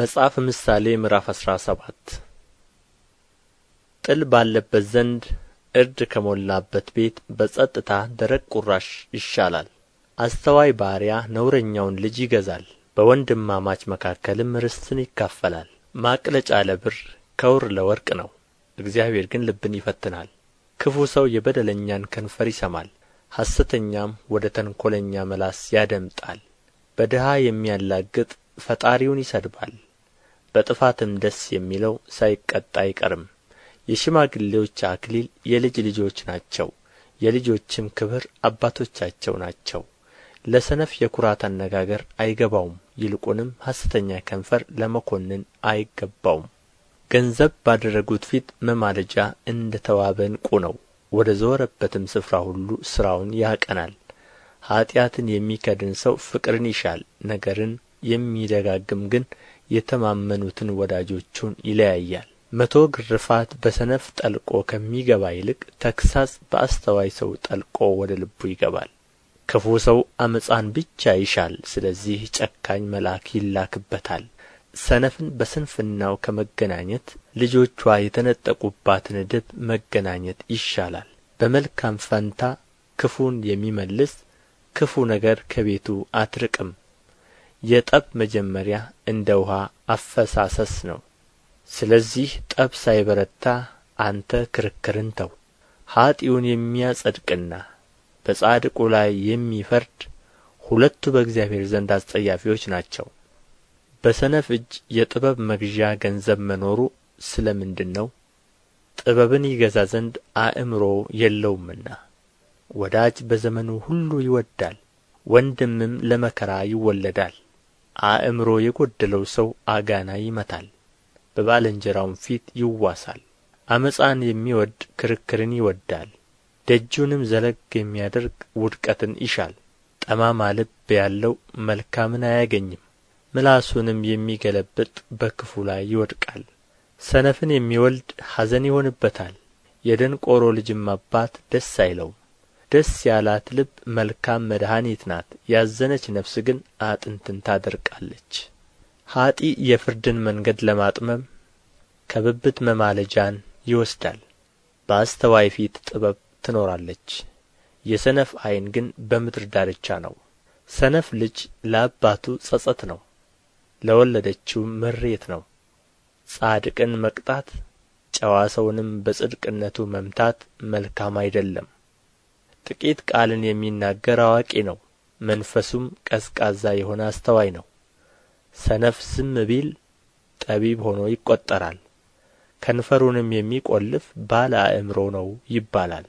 መጽሐፈ ምሳሌ ምዕራፍ አስራ ሰባት ጥል ባለበት ዘንድ እርድ ከሞላበት ቤት በጸጥታ ደረቅ ቁራሽ ይሻላል። አስተዋይ ባሪያ ነውረኛውን ልጅ ይገዛል፣ በወንድማማች መካከልም ርስትን ይካፈላል። ማቅለጫ ለብር ከውር ለወርቅ ነው፣ እግዚአብሔር ግን ልብን ይፈትናል። ክፉ ሰው የበደለኛን ከንፈር ይሰማል፣ ሐሰተኛም ወደ ተንኰለኛ መላስ ያደምጣል። በድሃ የሚያላግጥ ፈጣሪውን ይሰድባል በጥፋትም ደስ የሚለው ሳይቀጣ አይቀርም የሽማግሌዎች አክሊል የልጅ ልጆች ናቸው የልጆችም ክብር አባቶቻቸው ናቸው ለሰነፍ የኩራት አነጋገር አይገባውም ይልቁንም ሐሰተኛ ከንፈር ለመኮንን አይገባውም ገንዘብ ባደረጉት ፊት መማለጃ እንደ ተዋበ ዕንቍ ነው ወደ ዞረበትም ስፍራ ሁሉ ሥራውን ያቀናል ኀጢአትን የሚከድን ሰው ፍቅርን ይሻል ነገርን የሚደጋግም ግን የተማመኑትን ወዳጆቹን ይለያያል መቶ ግርፋት በሰነፍ ጠልቆ ከሚገባ ይልቅ ተግሣጽ በአስተዋይ ሰው ጠልቆ ወደ ልቡ ይገባል ክፉ ሰው አመፃን ብቻ ይሻል ስለዚህ ጨካኝ መልአክ ይላክበታል ሰነፍን በስንፍናው ከመገናኘት ልጆቿ የተነጠቁባትን ድብ መገናኘት ይሻላል በመልካም ፈንታ ክፉን የሚመልስ ክፉ ነገር ከቤቱ አትርቅም የጠብ መጀመሪያ እንደ ውኃ አፈሳሰስ ነው ስለዚህ ጠብ ሳይበረታ አንተ ክርክርን ተው ኀጢውን የሚያጸድቅና በጻድቁ ላይ የሚፈርድ ሁለቱ በእግዚአብሔር ዘንድ አስጸያፊዎች ናቸው በሰነፍ እጅ የጥበብ መግዣ ገንዘብ መኖሩ ስለ ምንድን ነው ጥበብን ይገዛ ዘንድ አእምሮ የለውምና ወዳጅ በዘመኑ ሁሉ ይወዳል ወንድምም ለመከራ ይወለዳል አእምሮ የጐደለው ሰው አጋና ይመታል በባልንጀራውም ፊት ይዋሳል አመፃን የሚወድ ክርክርን ይወዳል። ደጁንም ዘለግ የሚያደርግ ውድቀትን ይሻል ጠማማ ልብ ያለው መልካምን አያገኝም ምላሱንም የሚገለብጥ በክፉ ላይ ይወድቃል ሰነፍን የሚወልድ ሐዘን ይሆንበታል የደንቆሮ ልጅም አባት ደስ አይለውም ደስ ያላት ልብ መልካም መድኃኒት ናት፣ ያዘነች ነፍስ ግን አጥንትን ታደርቃለች። ኀጢ የፍርድን መንገድ ለማጥመም ከብብት መማለጃን ይወስዳል። በአስተዋይ ፊት ጥበብ ትኖራለች፣ የሰነፍ ዐይን ግን በምድር ዳርቻ ነው። ሰነፍ ልጅ ለአባቱ ጸጸት ነው፣ ለወለደችውም ምሬት ነው። ጻድቅን መቅጣት ጨዋ ሰውንም በጽድቅነቱ መምታት መልካም አይደለም። ጥቂት ቃልን የሚናገር አዋቂ ነው፣ መንፈሱም ቀዝቃዛ የሆነ አስተዋይ ነው። ሰነፍ ዝም ቢል ጠቢብ ሆኖ ይቈጠራል፣ ከንፈሩንም የሚቈልፍ ባለ አእምሮ ነው ይባላል።